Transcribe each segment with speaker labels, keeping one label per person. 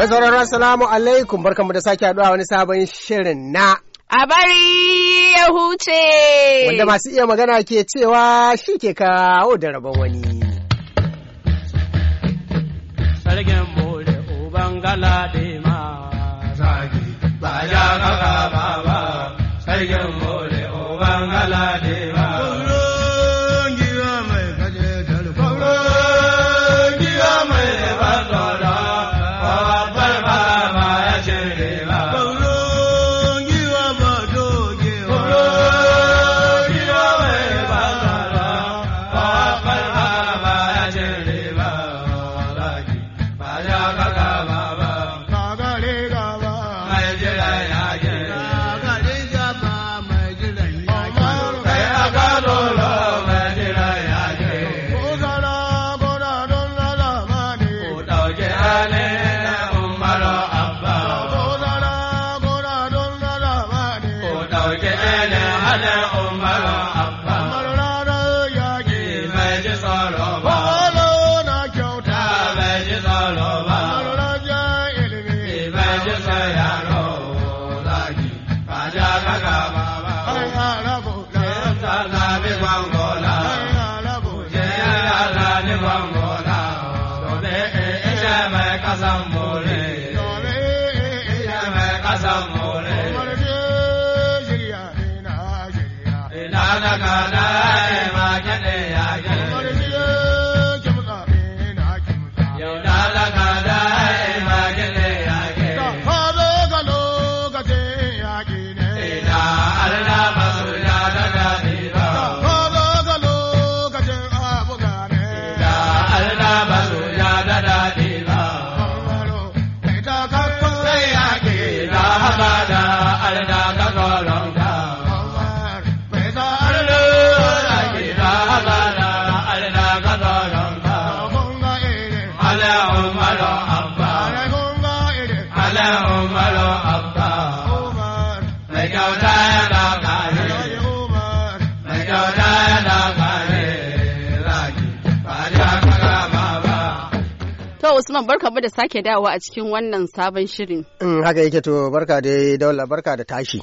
Speaker 1: Mai
Speaker 2: salamu alaikum barkanmu da sake haɗuwa wani sabon shirin na A bari ya huce. Wanda masu iya magana ke cewa shi ke kawo da rabon wani.
Speaker 3: Sargin bore, Ubangala da
Speaker 4: Usman barka mu da sake dawowa a cikin wannan sabon shirin.
Speaker 2: In mm, haka yake to barka dai daula barka da tashi.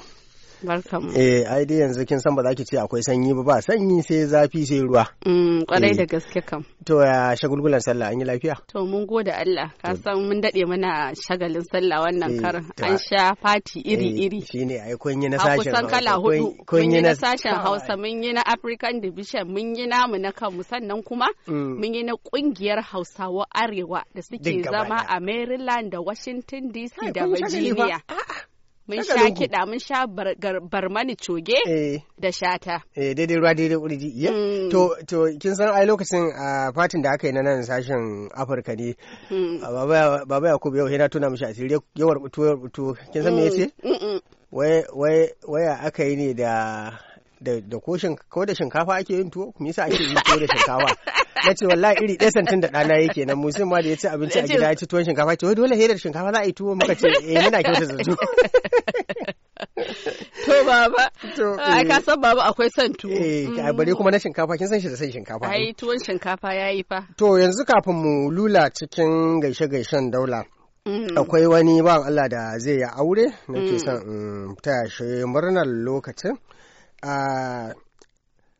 Speaker 4: Barkamu. Eh,
Speaker 2: ai dai yanzu kin san ba za ki ce akwai sanyi ba ba sanyi sai zafi sai ruwa.
Speaker 4: Mm, kwarai da eh. gaske kam.
Speaker 2: To ya shagulgulan sallah an yi lafiya?
Speaker 4: To mun gode Allah, ka mm. san mun dade mana shagalin sallah wannan eh, karin. An sha fati eh, iri-iri. Shi
Speaker 2: ne ai kun yi na sashen Hausa. kusan kala hudu. Kun yi na sashen
Speaker 4: Hausa, mun yi na African Division, mun yi namu na kanmu sannan kuma mm. mun yi na kungiyar Hausawa Arewa da suke zama a Maryland da Washington DC da Virginia. Mun sha kiɗa mun sha barmani coge eh. da shata.
Speaker 2: Eh daidai ruwa daidai urji. Mm. To to kin san ai lokacin a ah, fatin da aka yi na nan sashen Afirka ne. Mm. Ah, Baba Yakubu yau yana tuna mishi asiri yawar butu yawar butu. Kin san me yace? Mm, wai wai waya aka yi ne da da ko da shinkafa ake yin tuwo me yasa ake yin tuwo da shinkafa ya ce wallahi iri ɗaya santin da ɗana yake nan musin ma da ya ci abinci a gida ya ci tuwon shinkafa ce wai dole hedar shinkafa za a yi tuwo muka ce eh muna kyauta zazu.
Speaker 4: to baba to ai ka eh. san baba akwai son tuwo eh mm. bare
Speaker 2: kuma na shinkafa kin san shi da san shinkafa ai
Speaker 4: tuwon shinkafa yayi fa
Speaker 2: to yanzu kafin mu lula cikin gaishe gaishen daula mm. akwai wani ba Allah da zai yi aure nake mm. son in taya shi murnar lokacin ah,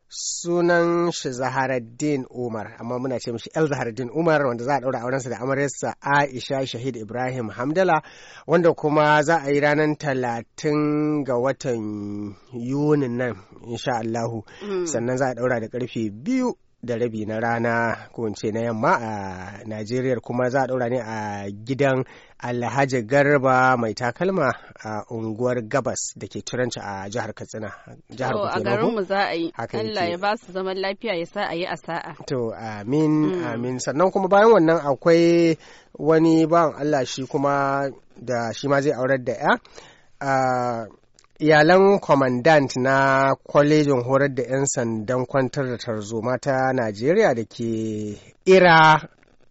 Speaker 2: sunan shi zaharaddin umar amma muna ce mishi el zaharaddin umar wanda za a ɗaura aurensa da amaryarsa aisha shahid ibrahim hamdala wanda kuma za a yi ranar talatin ga watan Yuni nan insha allahu
Speaker 1: mm.
Speaker 4: sannan
Speaker 2: za a ɗaura da karfe biyu da rabi na rana ko ce na yamma a Najeriya kuma za a ɗaura ne a gidan Alhaji Garba mai takalma a unguwar Gabas da ke Turanci a jihar Katsina. Jihar to a garin mu
Speaker 4: za a yi. Allah ya ba su zaman lafiya ya sa a yi a sa'a.
Speaker 2: To amin mm. amin sannan kuma bayan wannan akwai wani ban Allah shi kuma da shi ma zai aurar da ya. Ah, iyalan kwamandant na kwalejin horar da 'yan sandan kwantar da tarzoma ta najeriya da ke ira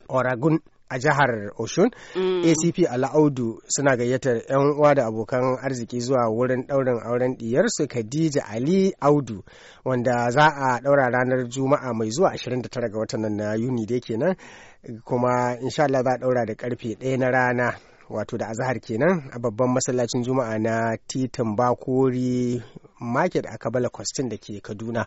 Speaker 2: oragun a jihar oshun mm. acp ala'audu suna gayyatar 'yan uwa da abokan arziki zuwa wurin daurin auren ɗiyarsu khadija ali audu wanda za a daura ranar juma'a mai zuwa 29 ga watan nan na yuni da kenan kuma insha Allah za a daura da karfe ɗaya na rana wato da azahar kenan a babban masallacin juma'a na titin bakori market a kabala kwastin da ke kaduna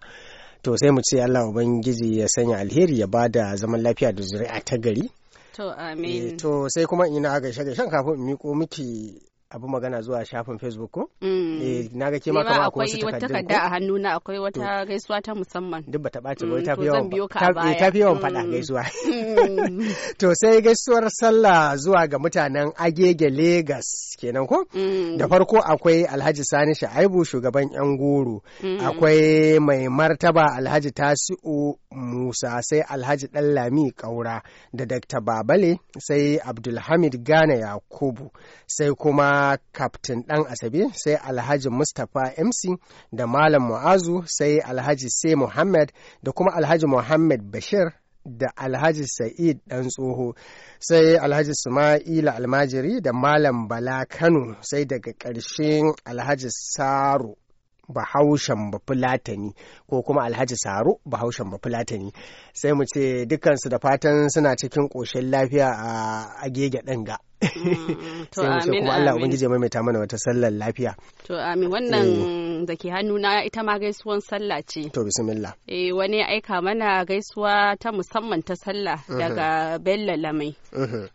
Speaker 2: to sai mu ce allah ubangiji ya sanya alheri ya ba da zaman lafiya da zuri'a ta gari
Speaker 4: to amin eh,
Speaker 2: to sai kuma ina gaishe shan kafin in miko miki abu magana zuwa shafin facebook ko
Speaker 4: mm. eh
Speaker 2: na ga ke ma kamar akwai wasu takarda a
Speaker 4: hannu na akwai wata gaisuwa ta musamman duk bata ɓaci ba mm, ta fi yawan ta fi yawan faɗa mm. gaisuwa
Speaker 2: to sai gaisuwar sallah zuwa ga mutanen agege lagos kenan ko da farko akwai alhaji sani sha'aibu shugaban yan goro akwai mai martaba alhaji tasi'u musa sai alhaji ɗanlami kaura da dakta babale sai abdulhamid gane yakubu sai kuma a kaftin ɗan asabe sai alhaji mustapha mc da malam mu'azu sai alhaji sai muhammad da kuma alhaji muhammad bashir da alhaji sa'id dan tsoho sai alhaji Sumaila almajiri da malam bala kano sai daga ƙarshen alhaji saro bahaushen bafulatani ko kuma alhaji saro bahaushen bafulatani sai mu ce dukansu da fatan suna cikin ƙoshin lafiya a agege ɗin ga Mm,
Speaker 4: sai mu kuma Allah ubangiji ya
Speaker 2: maimaita mana wata sallar lafiya
Speaker 4: to amin wannan eh. da ke hannu na ita ma gaisuwan sallah ce
Speaker 2: to bismillah
Speaker 4: eh wani aika mana gaisuwa ta musamman ta sallah daga Bello Lamai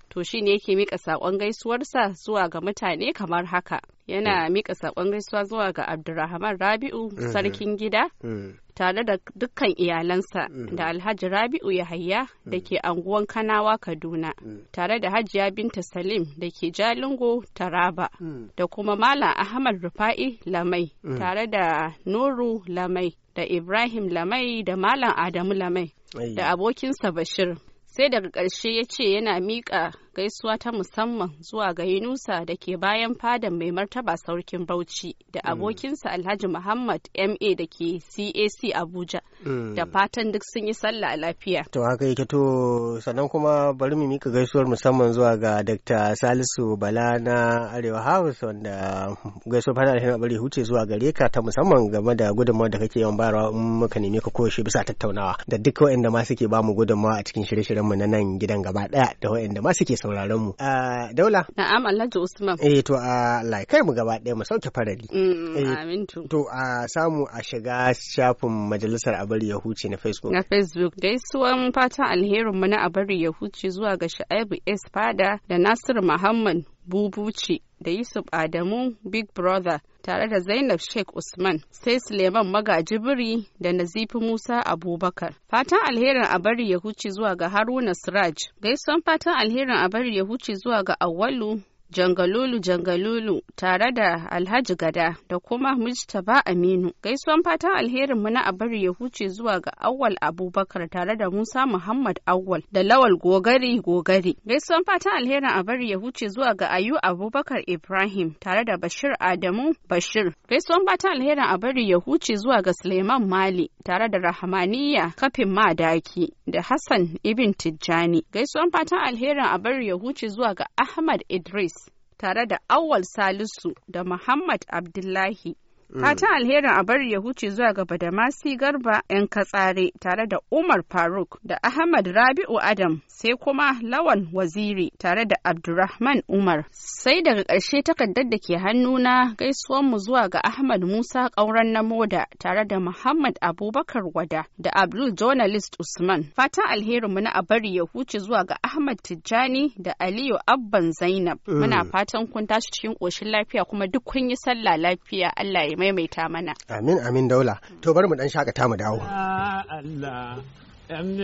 Speaker 4: to shine yake mika sakon gaisuwarsa zuwa ga mutane kamar haka yana mika sakon gaisuwa zuwa ga abdurrahman rabi'u mm-hmm. sarkin gida mm-hmm. tare da dukkan iyalansa mm-hmm. da alhaji rabi'u yahaya da ke anguwan kanawa kaduna tare da hajiya binta salim da ke jalingo taraba da kuma malam ahmad rufa'i lamai tare da nuru lamai da ibrahim lamai da malam adamu lamai da abokinsa bashir sai daga ƙarshe ya ce yana miƙa gaisuwa ta musamman zuwa ga Yunusa da ke bayan fadan mai martaba saurkin Bauchi da mm. abokinsa Alhaji Muhammad MA da ke CAC Abuja mm. da fatan duk sun yi sallah a lafiya.
Speaker 2: To haka yake to sannan kuma bari mu mika gaisuwar musamman zuwa ga Dr. Salisu Bala na Arewa House wanda gaisuwar fatan alheri bari huce zuwa gare ka ta musamman game da gudummawar da kake yawan bayarwa in muka neme ka koyaushe bisa tattaunawa da duk waɗanda ma suke ba mu gudunmawa a cikin shirye-shiryenmu na nan gidan gaba ɗaya da waɗanda ma suke sauraron mu.
Speaker 4: A daula. Na'am Alhaji Usman. Eh
Speaker 2: to a laikai mu gaba ɗaya mu sauke farari.
Speaker 4: Mm, eh,
Speaker 2: amin to. To a samu a shiga shafin majalisar Abari ya huce na Facebook. Na
Speaker 4: Facebook dai suwan fatan alherin mu na Abari ya huce zuwa ga Sha'ibu S da Nasiru Muhammad Bubuci da Yusuf Adamu Big Brother. tare da Zainab Sheikh Usman sai Suleiman Magajibiri da Nazifi Musa Abubakar. Fatan alherin a bari ya huce zuwa ga Haruna Siraj. Gaison fatan alherin a bari ya huce zuwa ga Awwalu Jangalulu Jangalulu tare da Alhaji Gada da kuma Mustapha Aminu. Gaisuwan fatan alherin mu na abari ya huce zuwa ga Awwal Abubakar tare da Musa Muhammad Awwal da Lawal Gogari Gogari. Gaisuwan fatan alherin abari ya huce zuwa ga Ayu Abubakar Ibrahim tare da Bashir Adamu Bashir. Gaisuwan fatan alherin abari ya huce zuwa ga Suleiman Mali tare da Rahmaniya Kafin Madaki da Hassan Ibin Tijjani. Gaisuwan fatan alherin abari ya huce zuwa ga Ahmad Idris tare da Awal Salisu da Muhammad Abdullahi. Mm. Fatan alherin a bari ya huce zuwa ga Badamasi Garba 'yan katsare tare da Umar Faruk da Ahmad Rabi'u Adam sai kuma Lawan Waziri tare da Abdurrahman Umar. Sai daga ƙarshe takardar da ke hannu na hannuna mu zuwa ga Ahmad Musa ƙauren na Moda tare da Muhammad Abubakar Wada da Abdul Journalist Usman. Fatan mu na a bari ya huce zuwa ga Ahmad Tijjani da Aliyu Abban Zainab. Mm. Muna fatan kun tashi cikin koshin lafiya kuma duk kun yi sallah lafiya Allah ya maimaita mana
Speaker 2: amin amin daula to bari mu dan shakata mu dawo
Speaker 4: Allah
Speaker 5: yan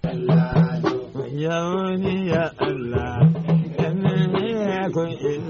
Speaker 5: birni a Allah ya Allah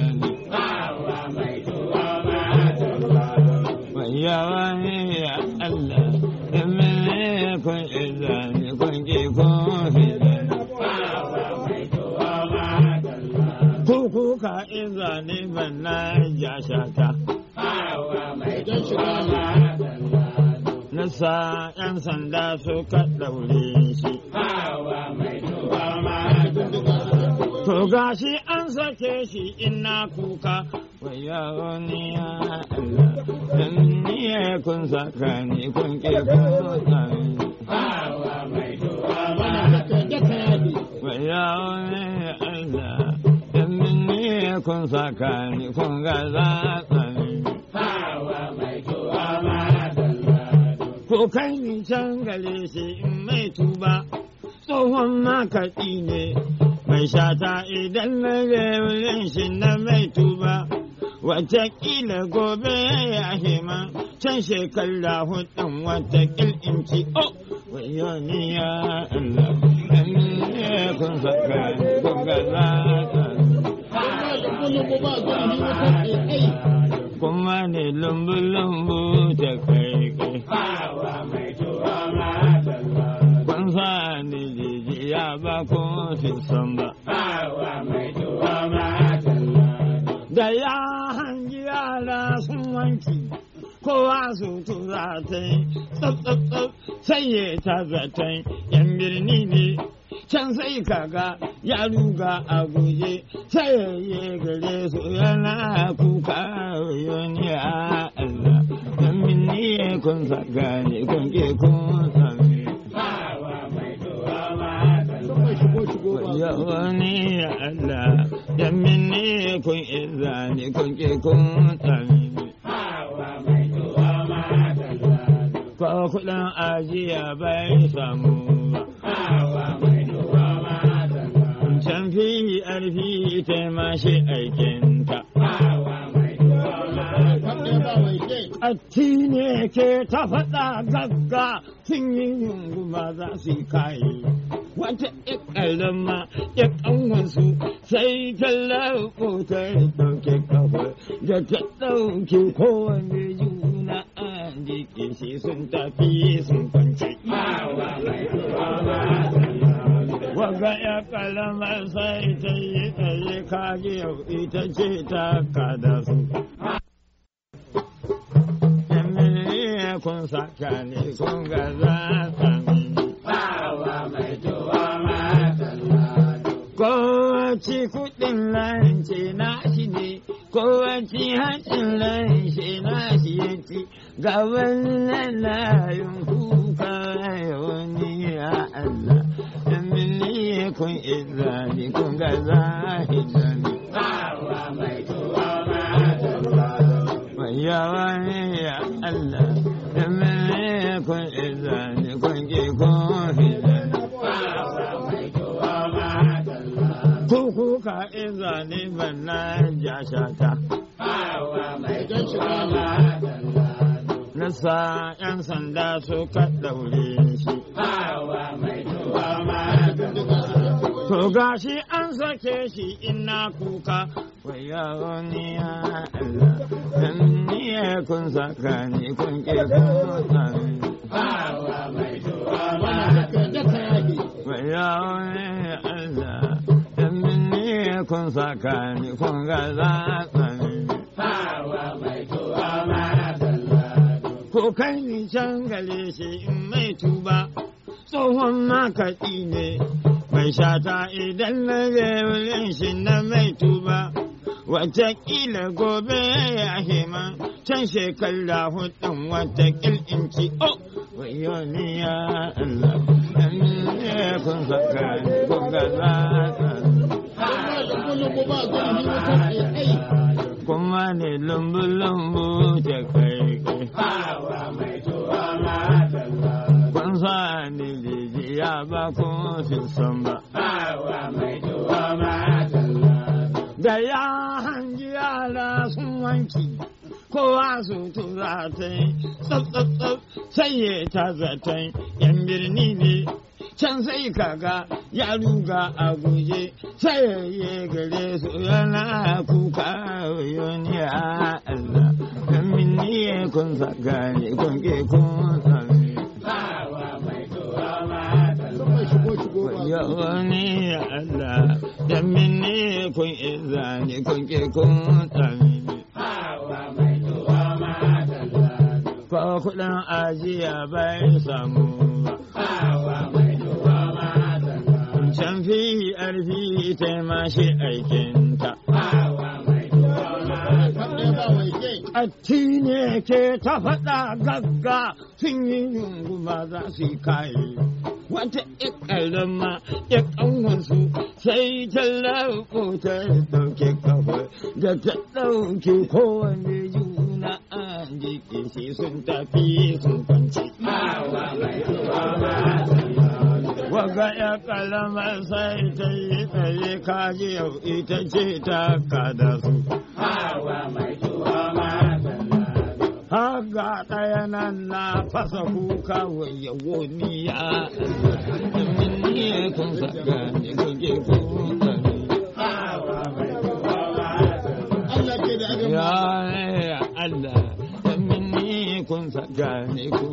Speaker 5: na ja shata. Nasa ‘yan sanda suka ɗaure shi. To gashi an sake shi ina kuka, wayo wani ya Allah, dan ni ya kun saka ni kun ke kun so sami. kun saka ni kun ga zatsani. hawa mai tuwa ma dalla Ko kai ni can gale shi in mai tuba, tsohon makaɗi ne. Mai shata idan na rewurin shi na mai tuba, watakila gobe ya hima can shekara hudun watakil in ci o. Wayo ni ya Allah, kun saka ni kun ga zatsani. kuma ne lumbu-lumbu da kai kai. Kun sa ni jijiya ba kun fi son ba. Da ya hangi yara sun wanki, kowa su tura ta yi, tsaf sanye ta zaton, yan birni ne. can sai kaga ya ruga a guje sai ya gare su yana kuka yoni a Allah don min ne kun saka ne kun ke kun sami Yawani ya Allah, yamin ne kun iza ne kun ke kun sami Kwa kuɗin ajiya bai samu ba. ƙarfi ta mashi aikinta. A ne ke ta faɗa gagga sun yi yungu ba za su yi kayi. Wata ƙarama ya ƙanwansu sai ta laƙo ta ɗauke kafa da ta ɗauke kowane juna a jiki sun tafi sun kwanci. ga ya kalamar sai ta yi tsaye kage ita ce ta kada su. Yamini kun saka ne kun ga za sami. Bawa mai tuwa ma tallado. Kowace kuɗin lance na shi ne, kowace hancin lance na shi ya ga wannan layin kuka. da za a sani. Yawa ne ya Allah, da mene kun izani kun ke kun izani. Ku kuka izani bana jashata. Na sa ‘yan sanda suka daure To gashi an sake shi ina kuka, wai ni ya Allah, dan ni ya kun saka ni kun ke kun sani. Bawa mai tuwa mana ka da kaki. Wai yaro ni ya Allah, dan ni ya kun saka ni kun ga za sani. Bawa mai tuwa mana ka da Ko kai ni can gale shi in mai tuba, tsohon makaɗi ne. Mai shata idan na je shi na mai tuba, watakila gobe ya hima can shekara hudun watakil in ci o oh, wayo ni ya Allah ɗan ne kun saka kun gaza kuma ne lumbu-lumbu ta kai kai ya ba kun fi ba. Bawa mai duwa ma Da ya hangi yara sun wanki, kowa su tura ta yi, tsatsatsat sanye ta zaton yan birni ne. Can sai kaga ya ruga a guje, sai ya gare su yana kuka yoni a Allah. Min ne kun saka ne kun ke kun
Speaker 3: yawani
Speaker 5: Allah yammini kun izani kun ke kun tsamini. Hawa mai tuwa ma ta Ko kuɗin ajiya bai samu. Hawa mai tuwa ma ta Can fi arfi taima shi aikin. Datti ne ke ta faɗa gagga sun yi yungu ba za su yi kaye. Wata ikalama ya ƙanwarsu sai ta ko ta ɗauke kafa da ta ɗauke kowane juna a jikin sun tafi sun kwanci. waga ya kalama sai ta yi tsaye kaji yau ita ce ta kada su hawa mai tuwa ma haga ɗaya nan na fasa kuka wayo wani ya min ne kun saka ne kuke kuka hawa mai tuwa ma Allah ke da ya Allah min ne kun saka ne kuka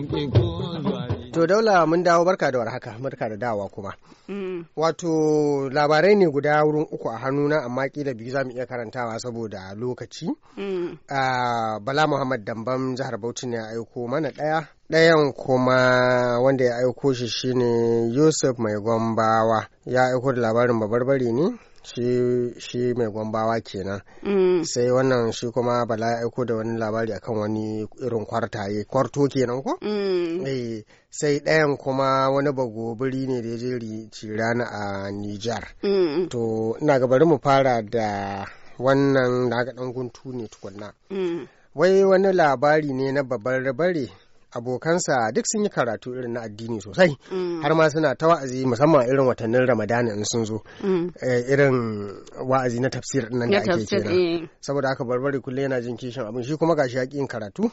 Speaker 2: To daula mun dawo barka da haka barka da dawa kuma. Mm. Wato labarai ne guda wurin uku a hannuna amma kila biyu za mu iya karantawa saboda lokaci. Mm. Ah, Bala Muhammad Dambam jihar Bauchi ne ya aiko mana ɗaya. Ɗayan kuma wanda ya aiko shi shine Yusuf Mai Gombawa ya aiko da labarin babarbare ne shi mai gwambawa kenan mm. sai wannan shi kuma bala ya aiko da wani labari akan wani irin kwartaye kwarto kenan ko
Speaker 1: mm.
Speaker 2: eh, sai ɗayan kuma wani bagobiri ne da ya je rana a nijar mm. to ina ga mu fara da wannan na ga ɗan guntu ne tukunna wai wani labari ne na babbar rabare abokansa duk sun yi karatu irin na addini sosai mm. har ma suna ta wa'azi musamman irin watannin ramadana in sun zo mm. eh, irin wa'azi na tafsir nan da ake kenan eh. saboda haka barbari kullum yana jin kishin abin shi kuma gashi ya yin karatu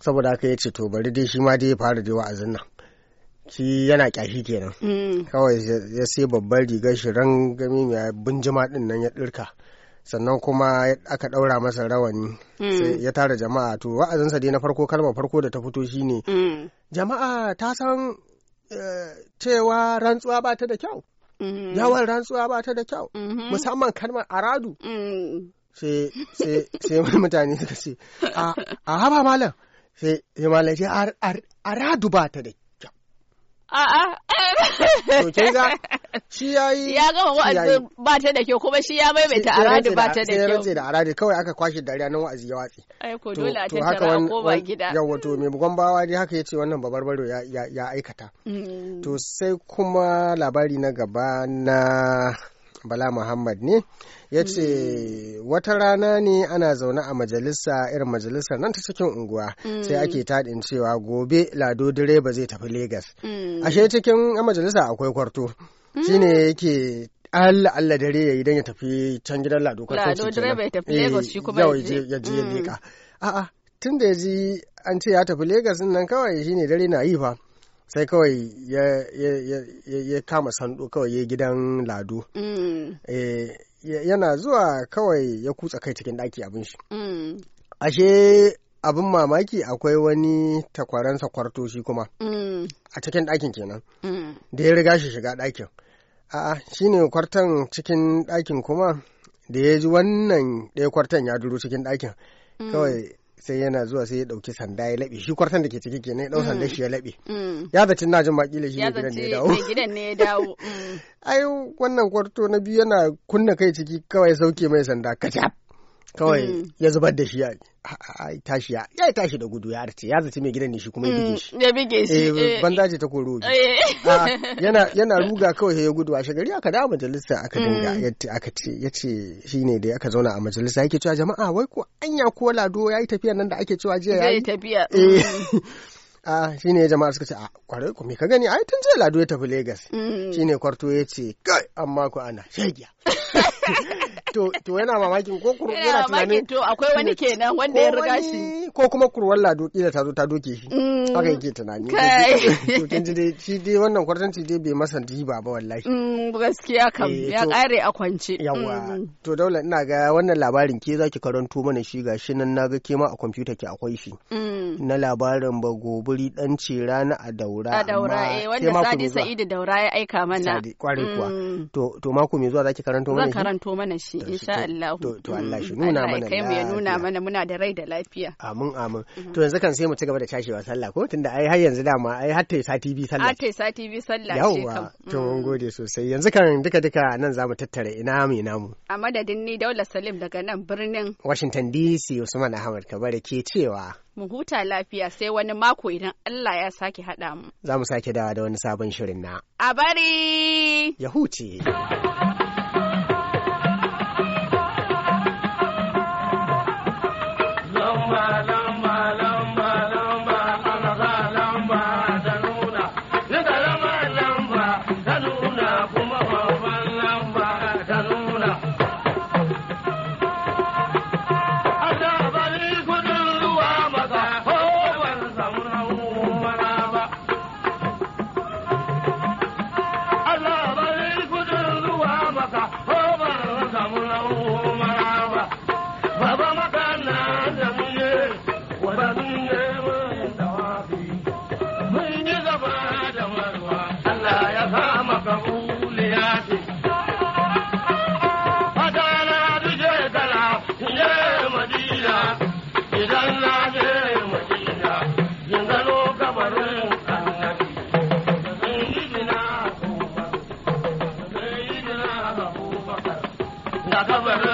Speaker 2: saboda haka ya ce to bari dai shi ma dai ya fara dai wa'azin nan shi yana kyashi kenan mm. kawai ya sai babbar rigar shi rangami mai bunjima din nan ya dirka sannan kuma aka ɗaura masa rawani mm. sai ya tara jama'a to wa'azinsa dai na farko kalmar farko da ta fito shine mm. jama'a ta san eh, cewa rantsuwa ba ta da kyau yawan mm-hmm. rantsuwa ba ta da kyau mm-hmm. musamman kalmar aradu
Speaker 4: mm.
Speaker 2: sai mutane suka ce a haba malam sai malam aradu ba ta da kyau a'a
Speaker 4: shi ya gama wa'azin ba ta da kyau kuma shi ya maimaita aradi ba ta da kyau sai rantse
Speaker 2: da aradi kawai aka kwashe dariya na wa'azi ya watsi
Speaker 4: ai ko dole a tattara ko ba gida
Speaker 2: me bugon bawa dai haka yace wannan babar ya ya aikata mm. to sai kuma labari na gaba na Bala Muhammad ne ya ce mm. wata rana ne ana zaune a majalisa irin majalisar nan ta cikin unguwa mm. sai ake taɗin cewa gobe lado direba zai tafi Legas. Ashe cikin majalisa akwai kwarto. shine yake Allah Allah dare yayi dan ya tafi can gidan Lado Kwatance. Lado direba ya tafi Lagos shi kuma eh, ya je ya mm. je leka. A'a tun da ya ji an ce ya tafi Lagos nan kawai shi ne dare na yi fa. sai kawai ya, kama sando kawai ya gidan lado
Speaker 1: mm.
Speaker 2: eh, yana zuwa kawai ya kutsa kai cikin ɗaki abin shi mm. ashe abin mamaki akwai wani takwaransa kwarto shi kuma a cikin ɗakin kenan da ya riga shi shiga ɗakin A'a, shi ne kwartan cikin ɗakin kuma da ya ji wannan ɗaya kwartan ya duro cikin ɗakin. Mm. Kawai sai yana zuwa sai ya ɗauki sanda ya laɓe shi kwartan da ke ciki kenan ya ɗau mm. sanda shi ya laɓe. Mm. Ya zaci na jin makila shi ne gidan ne ya dawo.
Speaker 4: gidan ne ya dawo.
Speaker 2: Ai wannan kwarto na biyu yana kunna kai ciki kawai sauke mai sanda kacap. kawai mm. ya zubar da shi ya tashi ya ya tashi da gudu ya arce ya zaci mai gidan ne shi kuma ya bige shi
Speaker 4: mm, ya bige shi eh, eh. banza ce ta koro eh. yana
Speaker 2: yana ruga kawai ya gudu a shagari aka dawo majalisa aka dinga mm. aka ce yace shine da aka zauna a majalisa yake cewa jama'a wai ko anya ko lado yayi tafiya nan da ake cewa
Speaker 4: jiya yayi tafiya
Speaker 2: a shine jama'a suka ce a kwarai ku me ka gani ai tun jiya lado ya tafi Legas. shine kwarto ya ce kai amma ku ana shegiya to yana mamakin ko kurwa yana tunanin to akwai wani kenan wanda ya riga shi ko kuma kurwan lado kila ta zo ta doke shi mm. haka yake tunani to kin ji dai shi dai wannan kwartanci dai bai masa riba ba wallahi
Speaker 4: mm, gaskiya kam eh, ya kare a kwance yawa mm.
Speaker 2: to daula ina ga wannan labarin ke zaki karanto mana shi gashi nan naga ke ma a kwamfuta ki akwai shi na labarin ba goburi dan ce na a daura a daura eh wanda Sadi Sa'idu
Speaker 4: daura ya aika mana kwarai kuwa
Speaker 2: to to mako mai zuwa zaki karanto mana shi karanto
Speaker 4: mana shi da Allah, to Allah shi mm-hmm. nuna mana kai mu ya nuna mana muna da rai da lafiya
Speaker 2: amin amin mm-hmm. to yanzu kan sai mu ci gaba da cashewa sallah ko tunda ai har yanzu dama ai har ta sati bi sallah har
Speaker 4: ta sati bi sallah ce kam to mun mm-hmm.
Speaker 2: gode sosai yanzu kan duka duka nan zamu tattara ina mu ina mu
Speaker 4: a madadin ni Daula Salim daga nan birnin
Speaker 2: Washington DC Usman Ahmad Kabare ke cewa
Speaker 4: mu huta lafiya sai wani mako idan Allah ya sake haɗa mu.
Speaker 2: Za mu sake dawa da wani sabon shirin na.
Speaker 4: A bari!
Speaker 1: Ya huce! தகவரு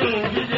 Speaker 1: दूंगी